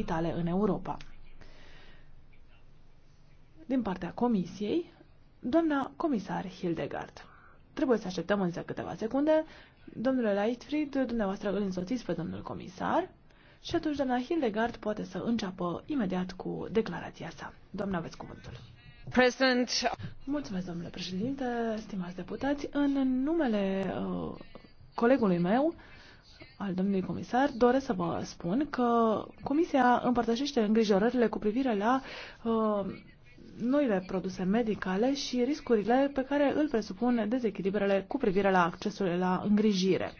vitale în Europa. Din partea Comisiei, doamna comisar Hildegard. Trebuie să așteptăm însă câteva secunde. Domnule Leitfried, dumneavoastră îl însoțiți pe domnul comisar și atunci doamna Hildegard poate să înceapă imediat cu declarația sa. Doamna, aveți cuvântul. Present. Mulțumesc, domnule președinte, stimați deputați. În numele uh, colegului meu, al domnului comisar, doresc să vă spun că Comisia împărtășește îngrijorările cu privire la uh, noile produse medicale și riscurile pe care îl presupun dezechilibrele cu privire la accesul la îngrijire.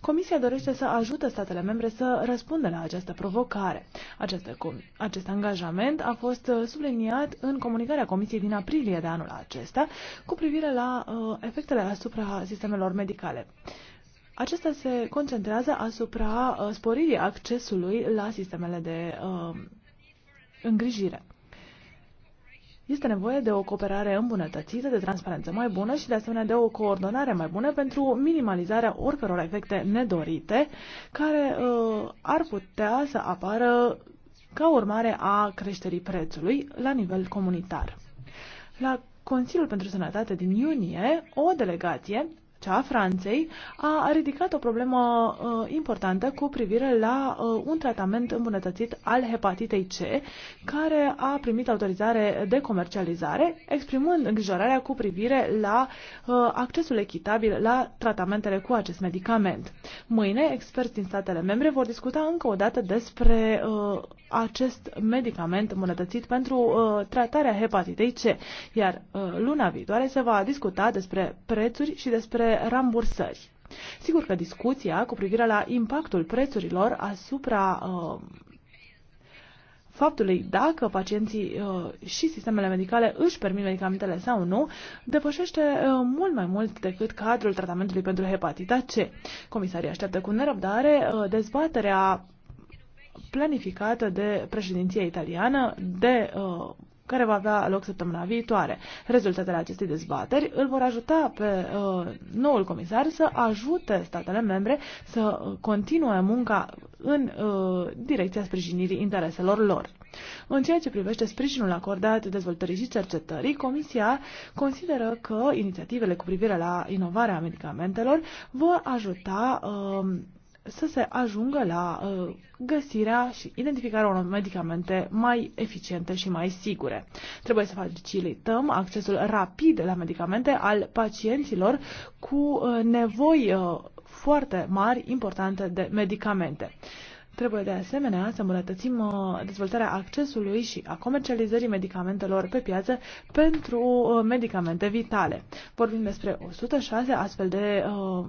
Comisia dorește să ajute statele membre să răspundă la această provocare. Aceste, acest angajament a fost uh, subliniat în comunicarea Comisiei din aprilie de anul acesta cu privire la uh, efectele asupra sistemelor medicale. Uh, acesta se concentrează asupra uh, sporirii accesului la sistemele de uh, îngrijire. Este nevoie de o cooperare îmbunătățită, de transparență mai bună și de asemenea de o coordonare mai bună pentru minimalizarea oricăror efecte nedorite care uh, ar putea să apară ca urmare a creșterii prețului la nivel comunitar. La Consiliul pentru Sănătate din iunie, o delegație cea a Franței, a ridicat o problemă uh, importantă cu privire la uh, un tratament îmbunătățit al hepatitei C, care a primit autorizare de comercializare, exprimând îngrijorarea cu privire la uh, accesul echitabil la tratamentele cu acest medicament. Mâine, experți din statele membre vor discuta încă o dată despre uh, acest medicament îmbunătățit pentru uh, tratarea hepatitei C, iar uh, luna viitoare se va discuta despre prețuri și despre rambursări. Sigur că discuția cu privire la impactul prețurilor asupra uh, faptului dacă pacienții uh, și sistemele medicale își permit medicamentele sau nu, depășește uh, mult mai mult decât cadrul tratamentului pentru hepatita C. Comisarii așteaptă cu nerăbdare uh, dezbaterea planificată de președinția italiană de uh, care va avea loc săptămâna viitoare. Rezultatele acestei dezbateri îl vor ajuta pe uh, noul comisar să ajute statele membre să continue munca în uh, direcția sprijinirii intereselor lor. În ceea ce privește sprijinul acordat dezvoltării și cercetării, Comisia consideră că inițiativele cu privire la inovarea medicamentelor vor ajuta uh, să se ajungă la uh, găsirea și identificarea unor medicamente mai eficiente și mai sigure. Trebuie să facilităm accesul rapid la medicamente al pacienților cu uh, nevoi uh, foarte mari, importante de medicamente. Trebuie de asemenea să îmbunătățim uh, dezvoltarea accesului și a comercializării medicamentelor pe piață pentru uh, medicamente vitale. Vorbim despre 106 astfel de uh,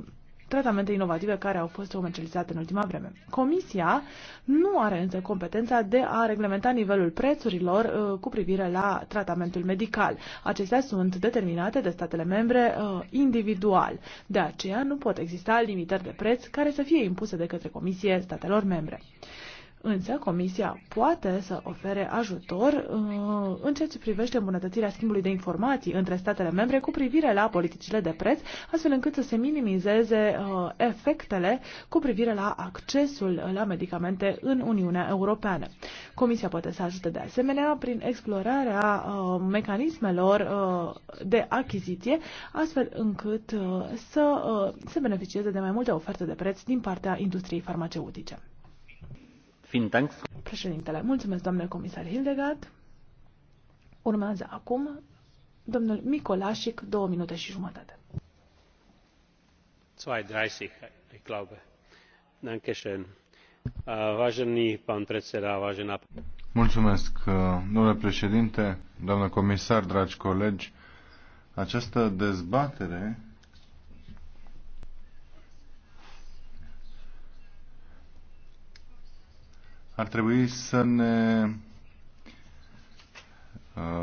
tratamente inovative care au fost comercializate în ultima vreme. Comisia nu are însă competența de a reglementa nivelul prețurilor uh, cu privire la tratamentul medical. Acestea sunt determinate de statele membre uh, individual. De aceea nu pot exista limitări de preț care să fie impuse de către Comisie statelor membre. Însă, Comisia poate să ofere ajutor uh, în ceea ce privește îmbunătățirea schimbului de informații între statele membre cu privire la politicile de preț, astfel încât să se minimizeze uh, efectele cu privire la accesul la medicamente în Uniunea Europeană. Comisia poate să ajute de asemenea prin explorarea uh, mecanismelor uh, de achiziție, astfel încât uh, să uh, se beneficieze de mai multe oferte de preț din partea industriei farmaceutice. Președintele, mulțumesc, doamne comisar Hildegard. Urmează acum domnul Micolașic, două minute și jumătate. 2.30, ich glaube. Dankeschön. Äh, vážený pan predseda, vážená... Mulțumesc, äh, domnule președinte, doamnă comisar, dragi colegi. Această dezbatere ar trebui să ne uh,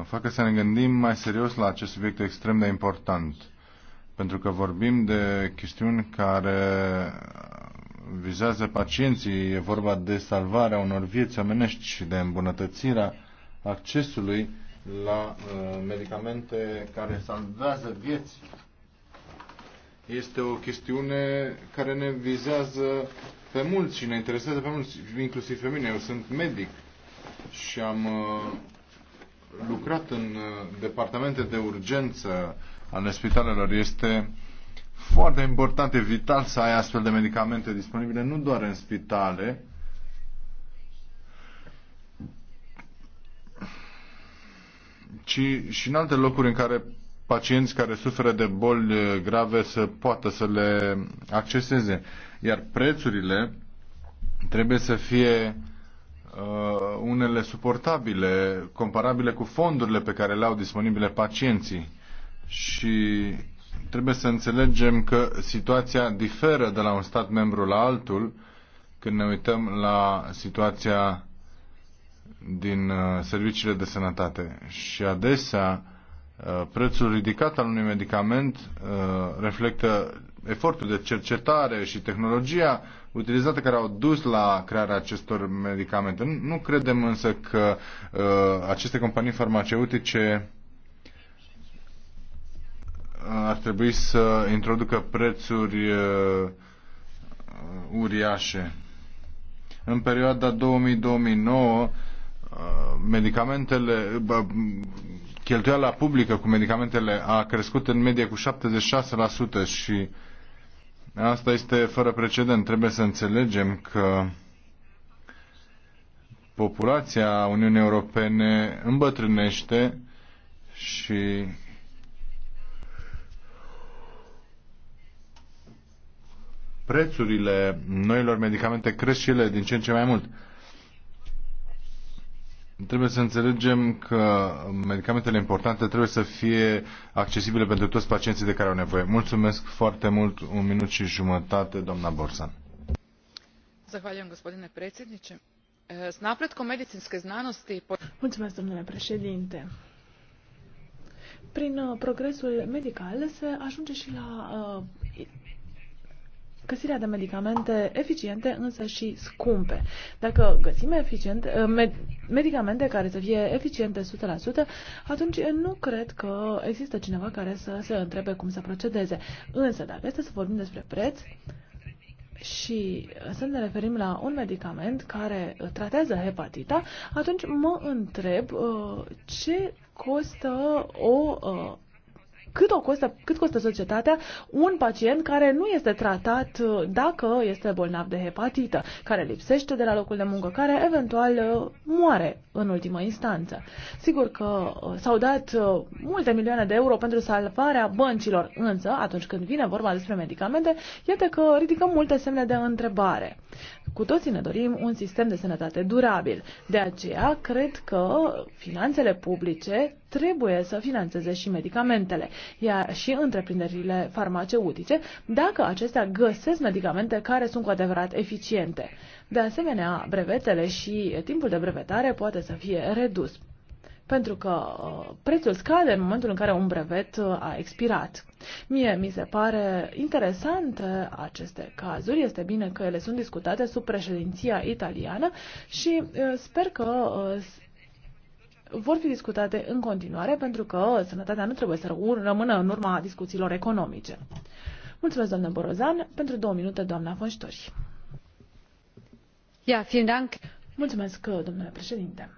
facă să ne gândim mai serios la acest subiect extrem de important. Pentru că vorbim de chestiuni care vizează pacienții, e vorba de salvarea unor vieți omenești și de îmbunătățirea accesului la uh, medicamente care salvează vieți. Este o chestiune care ne vizează pe mulți și ne interesează pe mulți, inclusiv pe mine. Eu sunt medic și am uh, lucrat în uh, departamente de urgență ale spitalelor. Este foarte important, e vital să ai astfel de medicamente disponibile, nu doar în spitale, ci și în alte locuri în care pacienți care suferă de boli eh, grave să poată să le acceseze. Iar prețurile trebuie să fie uh, unele suportabile, comparabile cu fondurile pe care le au disponibile pacienții. Și trebuie să înțelegem că situația diferă de la un stat membru la altul când ne uităm la situația din eh, serviciile de sănătate. Și adesea Uh, prețul ridicat al unui medicament uh, reflectă efortul de cercetare și tehnologia utilizată care au dus la crearea acestor medicamente. Nu credem însă că uh, aceste companii farmaceutice ar trebui să introducă prețuri uriașe. În perioada 2000-2009 medicamentele, cheltuiala publică cu medicamentele a crescut în medie cu 76% și asta este fără precedent. Trebuie să înțelegem că populația Uniunii Europene îmbătrânește și prețurile noilor medicamente cresc și ele din ce în ce mai mult. Trebuie să înțelegem că medicamentele importante trebuie să fie accesibile pentru toți pacienții de care au nevoie. Mulțumesc foarte mult. Un minut și jumătate, doamna Borsan. Zahvaljujem, gospodine predsjedniče. S napretkom medicinske znanosti... Mulțumesc, domnule președinte. Prin uh, progresul medical se ajunge și la uh, găsirea de medicamente eficiente, însă și scumpe. Dacă găsim eficient, eh, med, medicamente care să fie eficiente 100%, atunci nu cred că există cineva care să se întrebe cum să procedeze. Însă, dacă este să vorbim despre preț, și să ne referim la un medicament care tratează hepatita, atunci mă întreb eh, ce costă o eh, cât, o costă, cât costă societatea un pacient care nu este tratat uh, dacă este bolnav de hepatită, care lipsește de la locul de muncă, care eventual uh, moare în ultimă instanță. Sigur că uh, s-au dat multe milioane de euro pentru salvarea băncilor, însă atunci când vine vorba despre medicamente, iată că ridicăm multe semne de întrebare. Cu toții ne dorim un sistem de sănătate durabil. De aceea, cred că finanțele publice trebuie să financeze și medicamentele, iar și întreprinderile farmaceutice, dacă acestea găsesc medicamente care sunt cu adevărat eficiente. De asemenea, brevetele și timpul de brevetare poate să fie redus pentru că uh, prețul scade în momentul în care un brevet uh, a expirat. Mie mi se pare interesante uh, aceste cazuri, este bine că ele sunt discutate sub președinția italiană și sper că vor fi discutate în continuare pentru că sănătatea nu trebuie să rămână în urma discuțiilor economice. Mulțumesc, doamnă Borozan. Pentru două minute, doamna Fonștori. Ja, vielen Dank. Mulțumesc, domnule președinte.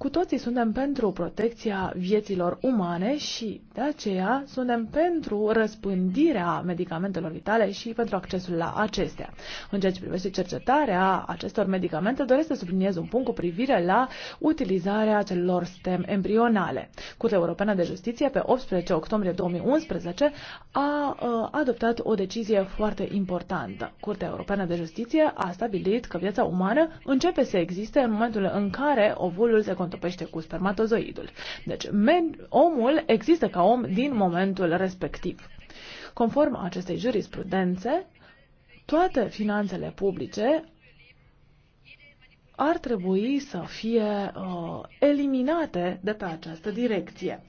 Cu toții suntem pentru protecția vieților umane și de aceea suntem pentru răspândirea medicamentelor vitale și pentru accesul la acestea. În ceea ce privește cercetarea acestor medicamente, doresc să subliniez un punct cu privire la utilizarea celor stem embrionale. Curtea Europeană de Justiție, pe 18 octombrie 2011, a ă, adoptat o decizie foarte importantă. Curtea Europeană de Justiție a stabilit că viața umană începe să existe în momentul în care ovulul se întopește cu spermatozoidul. Deci omul există ca om din momentul respectiv. Conform acestei jurisprudențe, toate finanțele publice ar trebui să fie uh, eliminate de pe această direcție.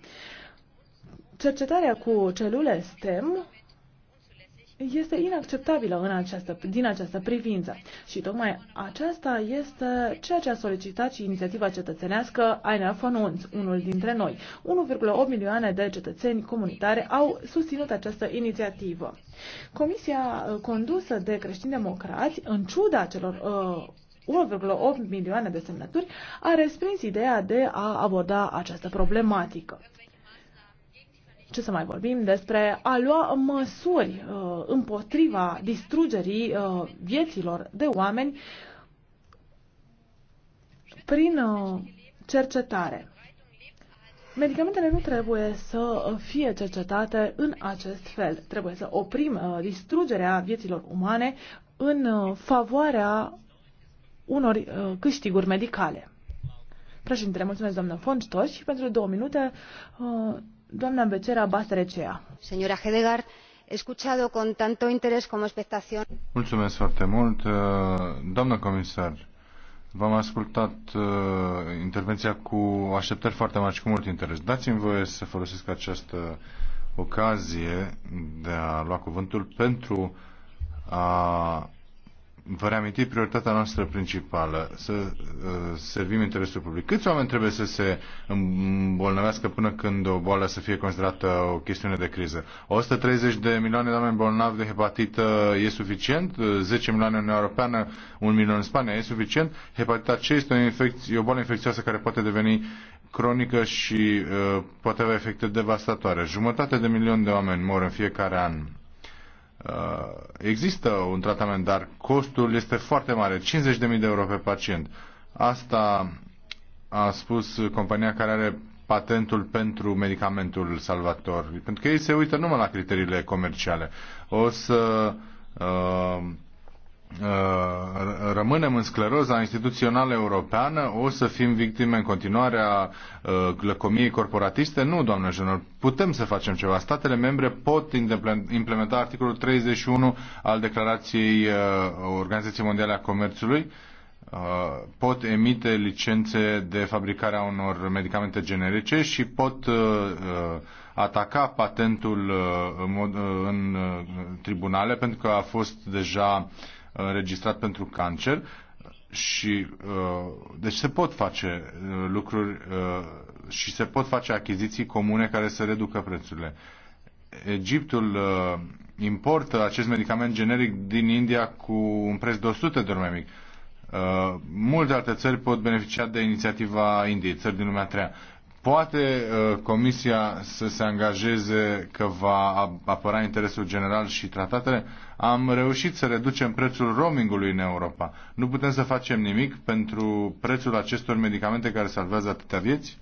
Cercetarea cu celule STEM este inacceptabilă în această, din această privință. Și tocmai aceasta este ceea ce a solicitat și inițiativa cetățenească Aina Fonunț, unul dintre noi. 1,8 milioane de cetățeni comunitare au susținut această inițiativă. Comisia uh, condusă de creștini-democrați, în ciuda celor uh, 1,8 milioane de semnături, a respins ideea de a aborda această problematică ce să mai vorbim despre a lua măsuri uh, împotriva distrugerii uh, vieților de oameni prin uh, cercetare. Medicamentele nu trebuie să fie cercetate în acest fel. Trebuie să oprim uh, distrugerea vieților umane în uh, favoarea unor uh, câștiguri medicale. Președintele, mulțumesc doamnă Fonstoș și pentru două minute uh, Doamna Becerra Bastrecea. Señora Hedegaard, he escuchado con tanto interés como expectación. Mulțumesc foarte mult. Uh, doamnă comisar, v-am ascultat uh, intervenția cu așteptări foarte mari și cu mult interes. Dați-mi voie să folosesc această ocazie de a lua cuvântul pentru a vă reaminti prioritatea noastră principală, să uh, servim interesul public. Câți oameni trebuie să se îmbolnăvească până când o boală să fie considerată o chestiune de criză? 130 de milioane de oameni bolnavi de hepatită e suficient? 10 uh, milioane în Europeană, 1 milion în Spania e suficient? Hepatita C este o, infecție, o boală infecțioasă care poate deveni cronică și uh, poate avea efecte devastatoare. Jumătate de milion de oameni mor în fiecare an Uh, există un tratament, dar costul este foarte mare, 50.000 de euro pe pacient. Asta a spus compania care are patentul pentru medicamentul salvator, pentru că ei se uită numai la criteriile comerciale. O să uh, Uh, rămânem în scleroza instituțională europeană, o să fim victime în continuare a uh, lăcomiei corporatiste? Nu, doamnă Jenor, putem să facem ceva. Statele membre pot implementa articolul 31 al Declarației uh, Organizației Mondiale a Comerțului, pot emite licențe de fabricare a unor medicamente generice și pot ataca patentul în tribunale pentru că a fost deja uh, înregistrat pentru cancer și uh, deci se pot face uh, lucruri uh, și se pot face achiziții comune care să reducă prețurile. Egiptul importă acest medicament generic din India cu un preț de 100 de ori mai mic. Uh, multe alte țări pot beneficia de inițiativa Indiei, țări din lumea treia. Poate uh, Comisia să se angajeze că va apăra interesul general și tratatele? Am reușit să reducem prețul roamingului în Europa. Nu putem să facem nimic pentru prețul acestor medicamente care salvează atâtea vieți?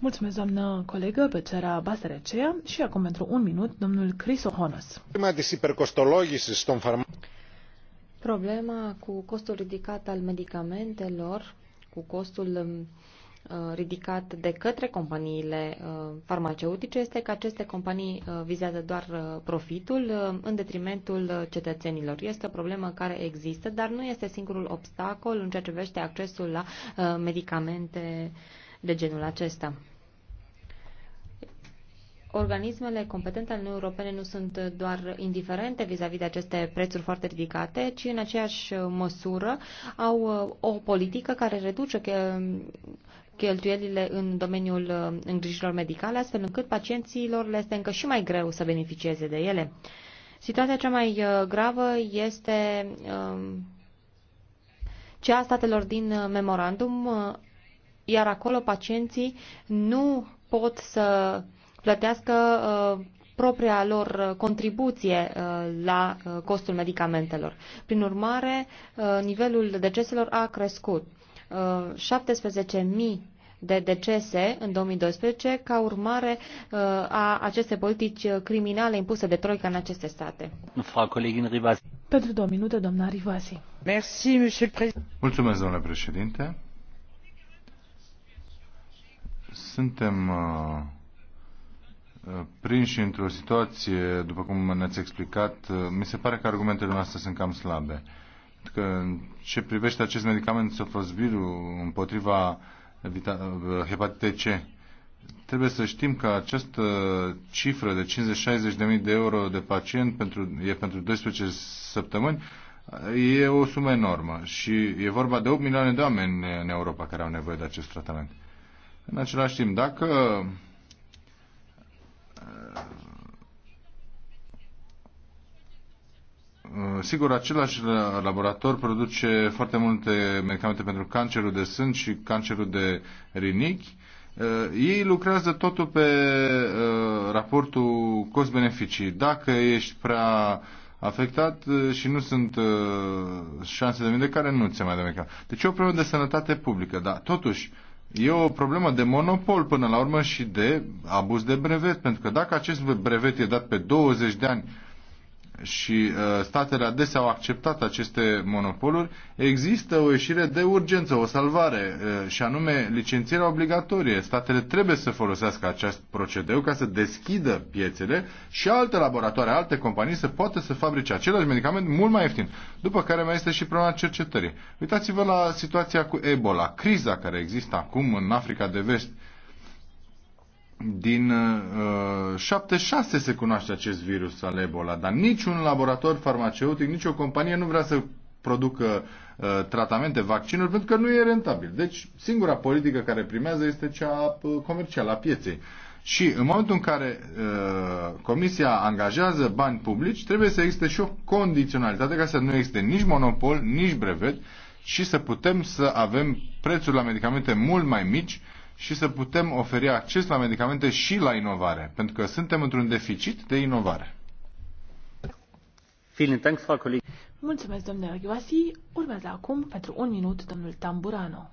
Mulțumesc, doamnă colegă, pe cera Basterecea și acum pentru un minut, domnul Chris Ohonas. Problema cu costul ridicat al medicamentelor cu costul um, uh, ridicat de către companiile uh, farmaceutice este că aceste companii uh, vizează doar profitul în detrimentul cetățenilor. Este o problemă care există, dar nu este singurul obstacol în ceea ce privește accesul la medicamente de genul acesta organismele competente ale Uniunii Europene nu sunt doar indiferente vis-a-vis -vis de aceste prețuri foarte ridicate, ci în aceeași măsură au uh, o politică care reduce că cheltuielile în domeniul uh, îngrijirilor medicale, astfel încât pacienților le este încă și mai greu să beneficieze de ele. Situația cea mai uh, gravă este um, cea a statelor din memorandum, iar acolo pacienții nu pot să plătească uh, propria lor uh, contribuție uh, la costul medicamentelor. Prin urmare, nivelul deceselor a crescut. 17.000 de decese în 2012 ca urmare a acestei politici criminale impuse de Troica în aceste state. Pentru două minute, doamna Rivasi. Mulțumesc, domnule președinte. Suntem uh prinși într-o situație, după cum ne-ați explicat, mi se pare că argumentele noastre sunt cam slabe. Că în ce privește acest medicament sofosbirul împotriva hepatitei C, trebuie să știm că această cifră de 50-60 de mii de euro de pacient pentru, e pentru 12 săptămâni, e o sumă enormă și e vorba de 8 milioane de oameni în Europa care au nevoie de acest tratament. În același timp, dacă Ehm, sigur, același laborator produce foarte multe medicamente pentru cancerul de sân și cancerul de rinichi. Ehm, ei lucrează totul pe ehm, raportul cost-beneficii. Dacă ești prea afectat și nu sunt șanse de vindecare, nu ți se mai dă medicament. Deci e o problemă de sănătate publică, dar totuși E o problemă de monopol până la urmă și de abuz de brevet, pentru că dacă acest brevet e dat pe 20 de ani și uh, statele adesea au acceptat aceste monopoluri, există o ieșire de urgență, o salvare, uh, și anume licențierea obligatorie. Statele trebuie să folosească acest procedeu ca să deschidă piețele și alte laboratoare, alte companii să poată să fabrice același medicament mult mai ieftin. După care mai este și problema cercetării. Uitați-vă la situația cu Ebola, criza care există acum în Africa de Vest, din uh, 76 se cunoaște acest virus al Ebola, dar niciun laborator farmaceutic, nicio companie nu vrea să producă uh, tratamente, vaccinuri, pentru că nu e rentabil. Deci singura politică care primează este cea uh, comercială a pieței. Și în momentul în care uh, Comisia angajează bani publici, trebuie să existe și o condiționalitate ca să nu existe nici monopol, nici brevet și să putem să avem prețuri la medicamente mult mai mici și să putem oferi acces la medicamente și la inovare, pentru că suntem într-un deficit de inovare. Mulțumesc, domnule Ioasi. Urmează acum, pentru un minut, domnul Tamburano.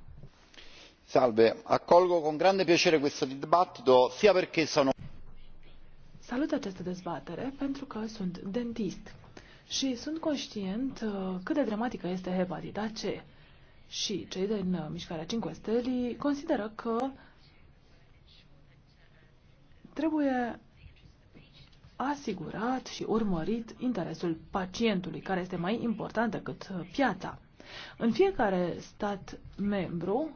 Salve, accolgo cu grande piacere questo dibattito, sia perché sono... Salut această dezbatere pentru că sunt dentist și sunt conștient uh, cât de dramatică este hepatita C și cei din uh, Mișcarea 5 Steli consideră că trebuie asigurat și urmărit interesul pacientului, care este mai important decât uh, piața. În fiecare stat membru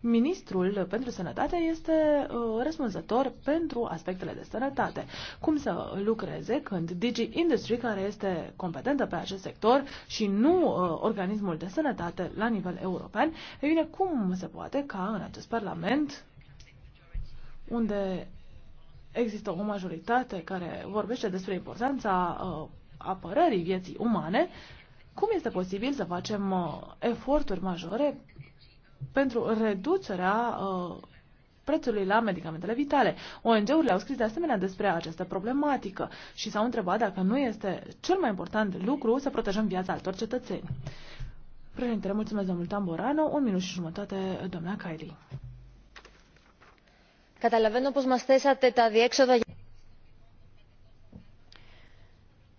Ministrul pentru Sănătate este uh, răspunzător pentru aspectele de sănătate. Cum să lucreze când Digi Industry, care este competentă pe acest sector și nu uh, organismul de sănătate la nivel european, e bine, cum se poate ca în acest Parlament, unde există o majoritate care vorbește despre importanța uh, apărării vieții umane, cum este posibil să facem uh, eforturi majore pentru reducerea uh, prețului la medicamentele vitale. ONG-urile au scris de asemenea despre această problematică și s-au întrebat dacă nu este cel mai important lucru să protejăm viața altor cetățeni. Președintele, mulțumesc domnul Tamborano. Un minut și jumătate, doamna Kylie. Καταλαβαίνω πως μας θέσατε τα διέξοδα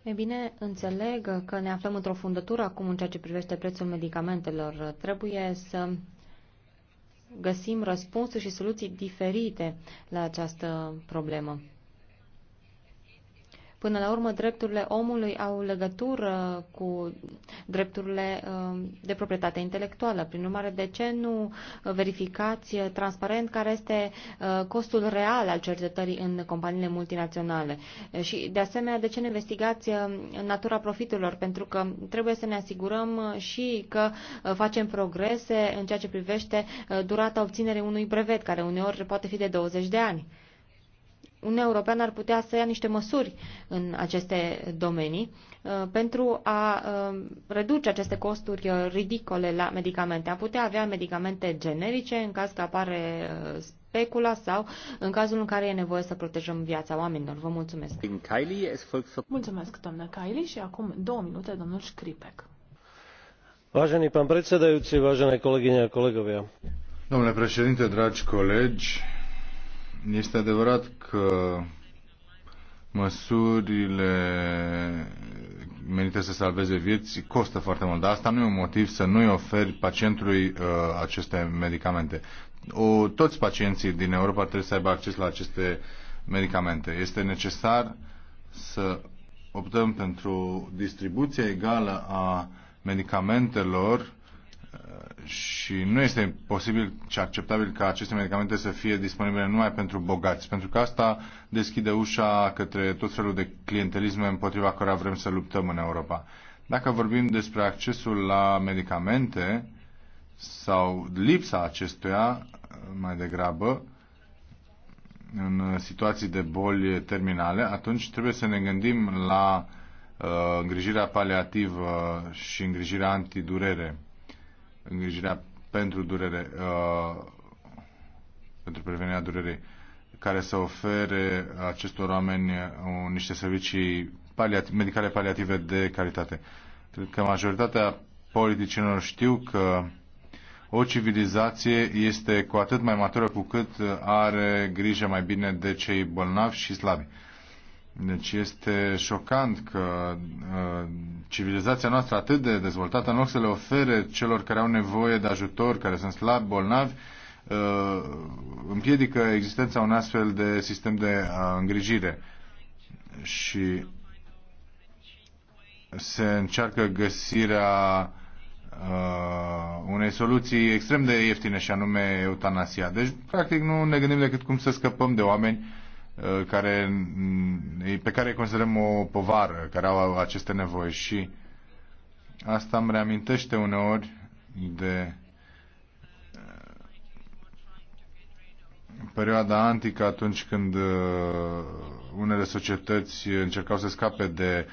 E bine, înțeleg că ne aflăm într-o fundătură acum în ceea ce privește prețul medicamentelor. Trebuie să găsim răspunsuri și soluții diferite la această problemă. Până la urmă, drepturile omului au legătură cu drepturile um, de proprietate intelectuală. Prin urmare, de ce nu verificați transparent care este uh, costul real al cercetării în companiile multinaționale? Și, de asemenea, de ce ne investigați uh, natura profiturilor? Pentru că trebuie să ne asigurăm uh, și că facem progrese în ceea ce privește durata obținerii unui brevet, care uneori poate fi de 20 de ani. Uniunea Europeană ar putea să ia niște măsuri în aceste domenii uh, pentru a uh, reduce aceste costuri uh, ridicole la medicamente. A putea avea medicamente generice în caz că apare specula sau în cazul în care e nevoie să protejăm viața oamenilor. Vă mulțumesc. Mulțumesc, doamnă Kylie, și acum două minute, domnul Șcripec. Vážený pán predsedajúci, vážené kolegyne a kolegovia. Domnule președinte, dragi colegi, este adevărat că măsurile menite să salveze vieți costă foarte mult, dar asta nu e un motiv să nu-i oferi pacientului uh, aceste medicamente. O, toți pacienții din Europa trebuie să aibă acces la aceste medicamente. Este necesar să optăm pentru distribuție egală a medicamentelor și nu este posibil și acceptabil ca aceste medicamente să fie disponibile numai pentru bogați, pentru că asta deschide ușa către tot felul de clientelisme împotriva cărora vrem să luptăm în Europa. Dacă vorbim despre accesul la medicamente sau lipsa acestuia, mai degrabă, în situații de boli terminale, atunci trebuie să ne gândim la uh, îngrijirea paliativă și îngrijirea antidurere îngrijirea pentru durere, uh, pentru prevenirea durerei, care să ofere acestor oameni uh, niște servicii paliati, medicale paliative de calitate. Cred că majoritatea politicienilor știu că o civilizație este cu atât mai matură cu cât are grijă mai bine de cei bolnavi și slabi. Deci este șocant că uh, civilizația noastră atât de dezvoltată, în loc să le ofere celor care au nevoie de ajutor, care sunt slabi, bolnavi, uh, împiedică existența unui astfel de sistem de uh, îngrijire. Și se încearcă găsirea uh, unei soluții extrem de ieftine și anume eutanasia. Deci, practic, nu ne gândim decât cum să scăpăm de oameni uh, Uh, care, mm, pe care îi considerăm o povară, care au aceste nevoi și asta îmi reamintește uneori de uh, perioada antică atunci când uh, unele societăți încercau să scape de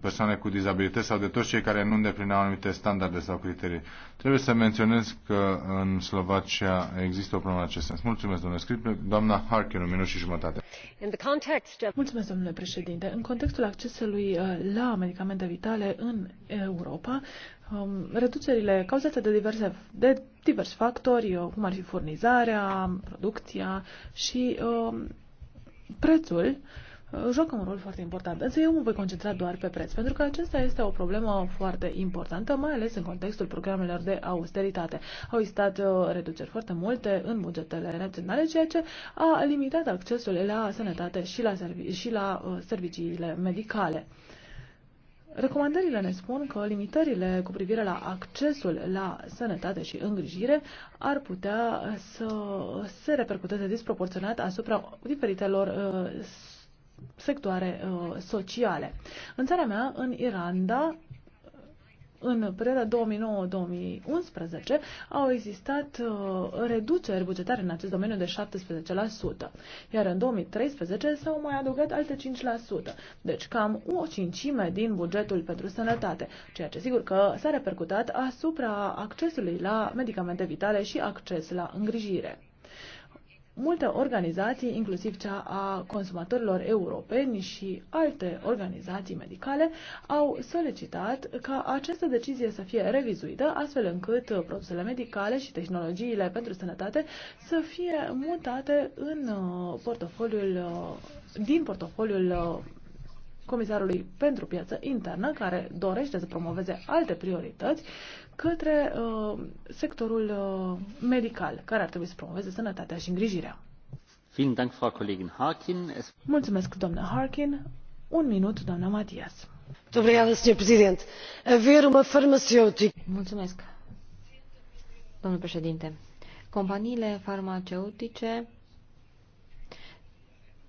persoane cu dizabilități sau de toți cei care nu îndeplineau anumite standarde sau criterii. Trebuie să menționez că în Slovacia există o problemă în acest sens. Mulțumesc, domnule Scrip. Doamna Harkin, un minut și jumătate. Mulțumesc, domnule președinte. În contextul accesului uh, la medicamente vitale în Europa, um, reducerile cauzate de diverse de diversi factori, uh, cum ar fi furnizarea, producția și um, prețul, Uh, joacă un rol foarte important. Însă eu mă voi concentra doar pe preț, pentru că acesta este o problemă foarte importantă, mai ales în contextul programelor de austeritate. Au existat uh, reduceri foarte multe în bugetele naționale, ceea ce a limitat accesul la sănătate și la, servi- și la uh, serviciile medicale. Recomandările ne spun că limitările cu privire la accesul la sănătate și îngrijire ar putea să se repercuteze disproporționat asupra diferitelor uh, sectoare uh, sociale. În țara mea, în Irlanda, în perioada 2009-2011 au existat uh, reduceri bugetare în acest domeniu de 17%, iar în 2013 s-au mai adăugat alte 5%, deci cam o cincime din bugetul pentru sănătate, ceea ce sigur că s-a repercutat asupra accesului la medicamente vitale și acces la îngrijire multe organizații, inclusiv cea a consumatorilor europeni și alte organizații medicale, au solicitat ca această decizie să fie revizuită, astfel încât produsele medicale și tehnologiile pentru sănătate să fie mutate în uh, portofoliul, uh, din portofoliul uh, Comisarului pentru Piață Internă, care dorește să promoveze alte priorități, către uh, sectorul uh, medical, care ar trebui să promoveze sănătatea și îngrijirea. Mulțumesc, doamna Harkin. Un minut, doamna Matias. Mulțumesc, domnule președinte. Companiile farmaceutice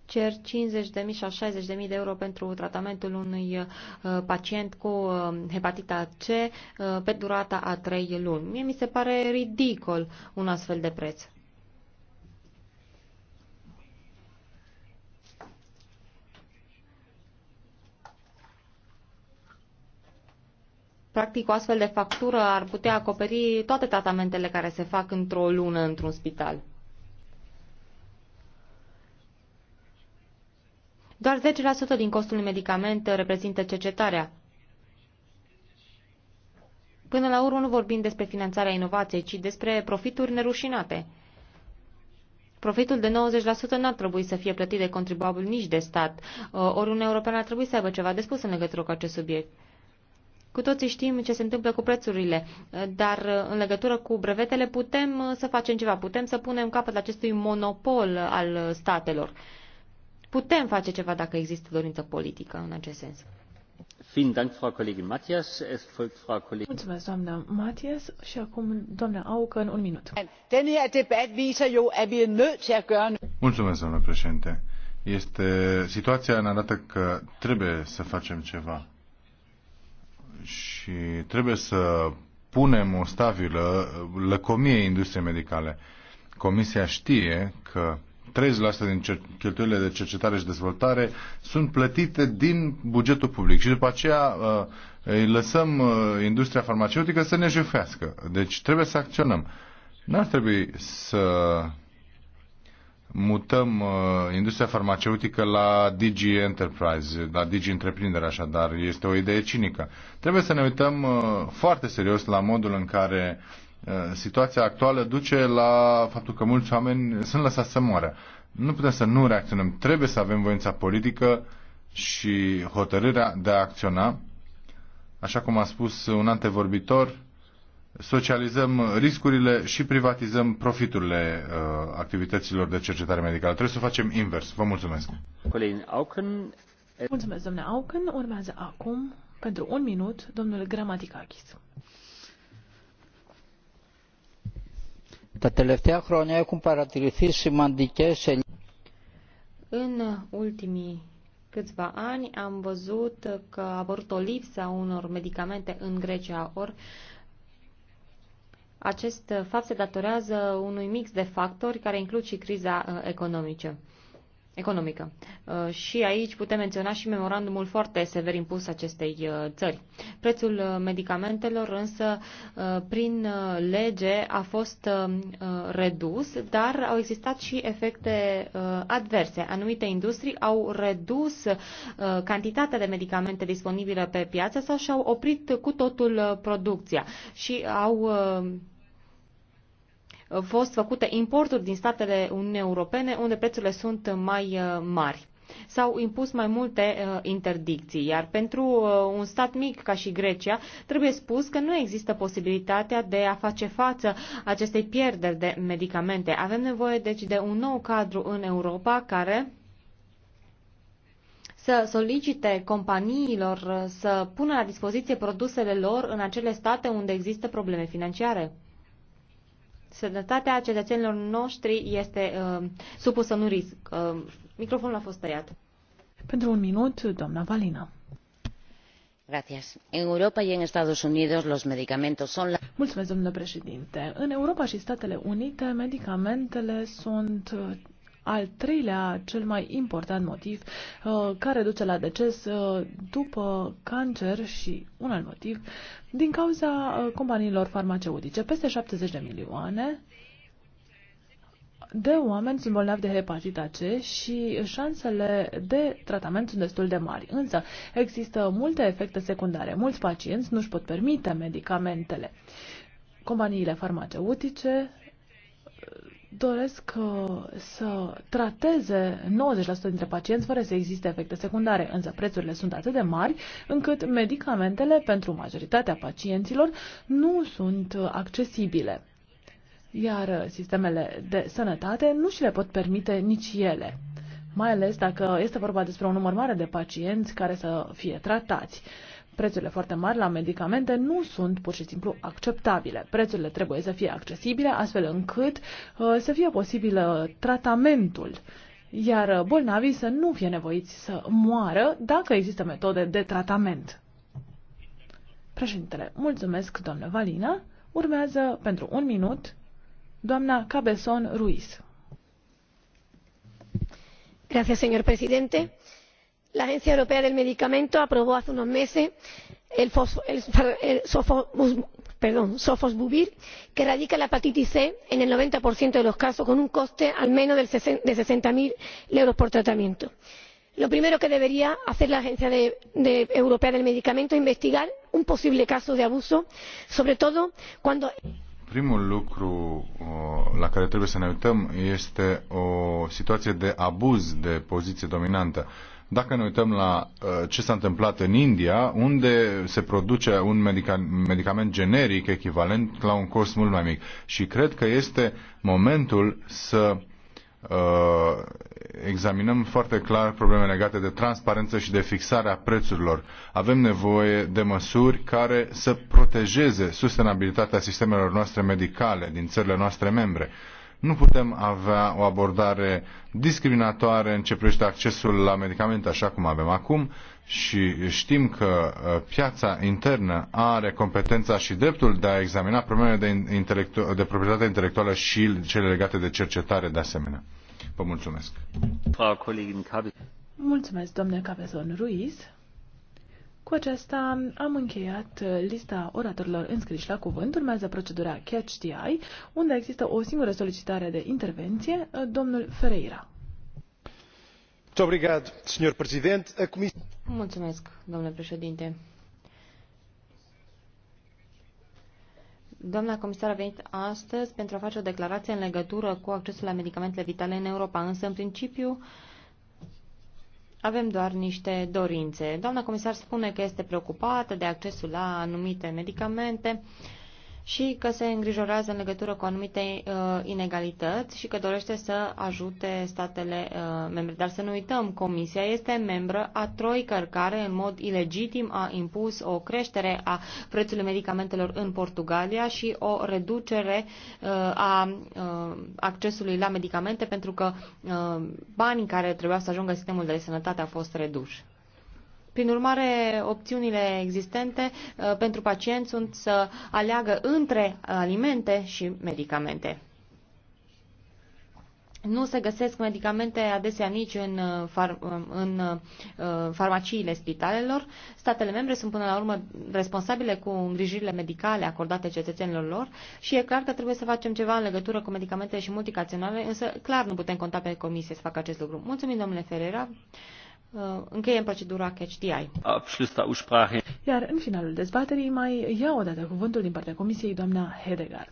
cer 50.000 sau 60.000 de euro pentru tratamentul unui uh, pacient cu uh, hepatita C uh, pe durata a 3 luni. Mie mi se pare ridicol un astfel de preț. Practic, o astfel de factură ar putea acoperi toate tratamentele care se fac într-o lună într-un spital. Doar 10% din costul medicament reprezintă cercetarea. Până la urmă nu vorbim despre finanțarea inovației, ci despre profituri nerușinate. Profitul de 90% n-ar trebui să fie plătit de contribuabil nici de stat, uh, ori un european ar trebui să aibă ceva de spus în legătură cu acest subiect. Cu toții știm ce se întâmplă cu prețurile, uh, dar uh, în legătură cu brevetele putem să facem ceva, putem să punem capăt acestui monopol al statelor. Putem face ceva dacă există dorință politică în acest sens. Mulțumesc, doamna Matias. Și acum, doamna Aucă, în un minut. Er Mulțumesc, doamna președinte. Este, situația ne arată că trebuie să facem ceva. Și trebuie să punem o stabilă lăcomie industriei medicale. Comisia știe că 30% din cheltuielile de cercetare și dezvoltare sunt plătite din bugetul public și după aceea uh, îi lăsăm uh, industria farmaceutică să ne jefească. Deci trebuie să acționăm. N-ar trebui să mutăm uh, industria farmaceutică la Digi Enterprise, la Digi Întreprindere așadar. Este o idee cinică. Trebuie să ne uităm foarte serios la modul în care Uh, situația actuală duce la faptul că mulți oameni sunt lăsați să moară. Nu putem să nu reacționăm. Trebuie să avem voința politică și hotărârea de a acționa. Așa cum a spus un antevorbitor, socializăm riscurile și privatizăm profiturile uh, activităților de cercetare medicală. Trebuie să facem invers. Vă mulțumesc. Mulțumesc, domnule Auken. Urmează acum, pentru un minut, domnul Gramaticakis. Τα τελευταία χρόνια έχουν παρατηρηθεί σημαντικές În ultimii câțiva ani am văzut că a avut o lipsă a unor medicamente în Grecia, ori acest fapt se datorează unui mix de factori care includ și criza uh, economică economică. Uh, și aici putem menționa și memorandumul foarte sever impus acestei uh, țări. Prețul uh, medicamentelor însă prin lege a fost redus, dar au existat și efecte adverse. Anumite industrii au redus cantitatea de medicamente disponibile pe piață sau și-au oprit cu totul producția și au fost făcute importuri din statele Uniunii Europene unde prețurile sunt mai uh, mari. S-au impus mai multe uh, interdicții, iar pentru uh, un stat mic ca și Grecia, trebuie spus că nu există posibilitatea de a face față acestei pierderi de medicamente. Avem nevoie, deci, de un nou cadru în Europa care să solicite companiilor uh, să pună la dispoziție produsele lor în acele state unde există probleme financiare. Sănătatea cetățenilor noștri este uh, supusă în risc. Uh, microfonul a fost tăiat. Pentru un minut, doamna Valina. Gracias. En Europa y en Estados Unidos los medicamentos son la... Mulțumesc, domnule președinte. În Europa și Statele Unite, medicamentele sunt uh, al treilea cel mai important motiv uh, care duce la deces uh, după cancer și un alt motiv din cauza uh, companiilor farmaceutice. Peste 70 de milioane de oameni sunt bolnavi de hepatita C și șansele de tratament sunt destul de mari. Însă există multe efecte secundare. Mulți pacienți nu își pot permite medicamentele. Companiile farmaceutice doresc uh, să trateze 90% dintre pacienți fără să existe efecte secundare, însă prețurile sunt atât de mari încât medicamentele pentru majoritatea pacienților nu sunt uh, accesibile. Iar uh, sistemele de sănătate nu și le pot permite nici ele mai ales dacă este vorba despre un număr mare de pacienți care să fie tratați. Prețurile foarte mari la medicamente nu sunt pur și simplu acceptabile. Prețurile trebuie să fie accesibile astfel încât uh, să fie posibil tratamentul iar uh, bolnavii să nu fie nevoiți să moară dacă există metode de tratament. Președintele, mulțumesc, doamnă Valina. Urmează, pentru un minut, doamna Cabeson Ruiz. Gracias, señor presidente la agencia europea del medicamento aprobó hace unos meses el sofosbuvir que erradica la hepatitis c en el noventa de los casos con un coste al menos de sesenta cero euros por tratamiento. lo primero que debería hacer la agencia europea del medicamento es investigar un posible caso de abuso sobre todo cuando. primul lucru la care trebuie să ne uităm este o situație de abuz de poziție dominantă dacă ne uităm la uh, ce s-a întâmplat în India, unde se produce un medicament generic echivalent la un cost mult mai mic. Și cred că este momentul să uh, examinăm foarte clar probleme legate de transparență și de fixarea prețurilor. Avem nevoie de măsuri care să protejeze sustenabilitatea sistemelor noastre medicale din țările noastre membre nu putem avea o abordare discriminatoare în ce privește accesul la medicamente așa cum avem acum și știm că uh, piața internă are competența și dreptul de a examina problemele de, intelectu- de proprietate intelectuală și cele legate de cercetare de asemenea. Vă mulțumesc. Mulțumesc, domnule Cabezon Ruiz. Cu aceasta am încheiat uh, lista oratorilor înscriși la cuvânt. Urmează procedura Catch the Eye, unde există o singură solicitare de intervenție, uh, domnul Ferreira. Mulțumesc, domnule președinte. Doamna comisar a venit astăzi pentru a face o declarație în legătură cu accesul la medicamentele vitale în Europa, însă, în principiu, uh, avem doar niște dorințe. Doamna comisar spune că este preocupată de accesul la anumite medicamente. Uh, și că se îngrijorează în legătură cu anumite uh, inegalități și că dorește să ajute statele uh, membre. Dar să nu uităm, Comisia este membră a Troicăr, care în mod ilegitim a impus o creștere a prețului medicamentelor în Portugalia și o reducere uh, a uh, accesului la medicamente pentru că uh, banii care trebuiau să ajungă în sistemul de sănătate au fost reduși. Prin urmare, opțiunile existente uh, pentru pacient sunt să aleagă între alimente și medicamente. Nu se găsesc medicamente adesea nici în, uh, far, um, în uh, farmaciile spitalelor. Statele membre sunt până la urmă responsabile cu îngrijirile medicale acordate cetățenilor lor și e clar că trebuie să facem ceva în legătură cu medicamentele și multicaționale, însă clar nu putem conta pe comisie să facă acest lucru. Mulțumim, domnule Ferreira. Uh, încheiem procedura CHDI. Iar în finalul dezbaterii mai iau o dată cuvântul din partea Comisiei doamna Hedegaard.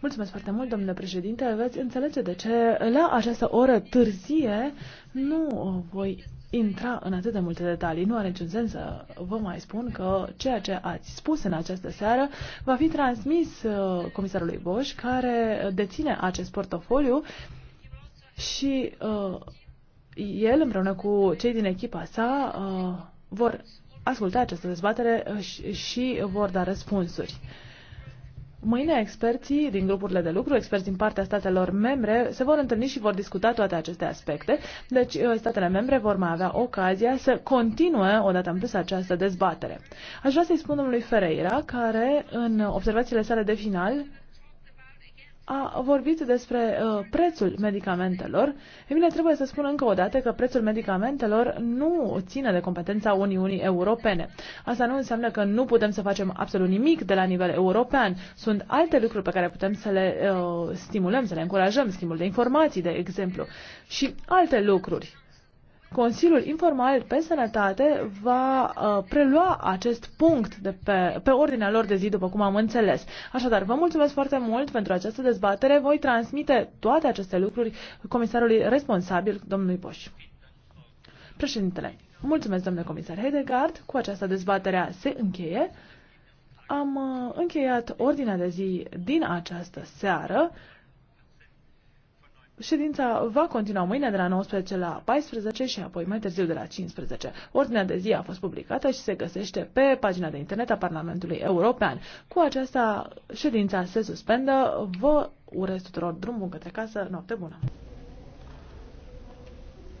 Mulțumesc foarte mult, domnule președinte. Veți înțelege de ce la această oră târzie nu voi intra în atât de multe detalii. Nu are niciun sens să vă mai spun că ceea ce ați spus în această seară va fi transmis uh, comisarului Bosch, care deține acest portofoliu și uh, el împreună cu cei din echipa sa uh, vor asculta această dezbatere uh, și, vor da răspunsuri. Mâine experții din grupurile de lucru, experți din partea statelor membre, se vor întâlni și vor discuta toate aceste aspecte. Deci uh, statele membre vor mai avea ocazia să continue odată în plus această dezbatere. Aș vrea să-i spun domnului Ferreira, care în observațiile sale de final a vorbit despre uh, prețul medicamentelor. E bine, trebuie să spun încă o dată că prețul medicamentelor nu ține de competența Uniunii Europene. Asta nu înseamnă că nu putem să facem absolut nimic de la nivel european. Sunt alte lucruri pe care putem să le uh, stimulăm, să le încurajăm, schimbul de informații, de exemplu, și alte lucruri. Consiliul Informal pe Sănătate va uh, prelua acest punct de pe, pe ordinea lor de zi, după cum am înțeles. Așadar, vă mulțumesc foarte mult pentru această dezbatere. Voi transmite toate aceste lucruri comisarului responsabil, domnului Boș. Președintele, mulțumesc, domnule comisar Hedegaard. Cu această dezbatere se încheie. Am uh, încheiat ordinea de zi din această seară. Ședința va continua mâine de la 19 la 14 și apoi mai târziu de la 15. Ordinea de zi a fost publicată și se găsește pe pagina de internet a Parlamentului European. Cu aceasta ședința se suspendă. Vă urez tuturor drum bun către casă, noapte bună!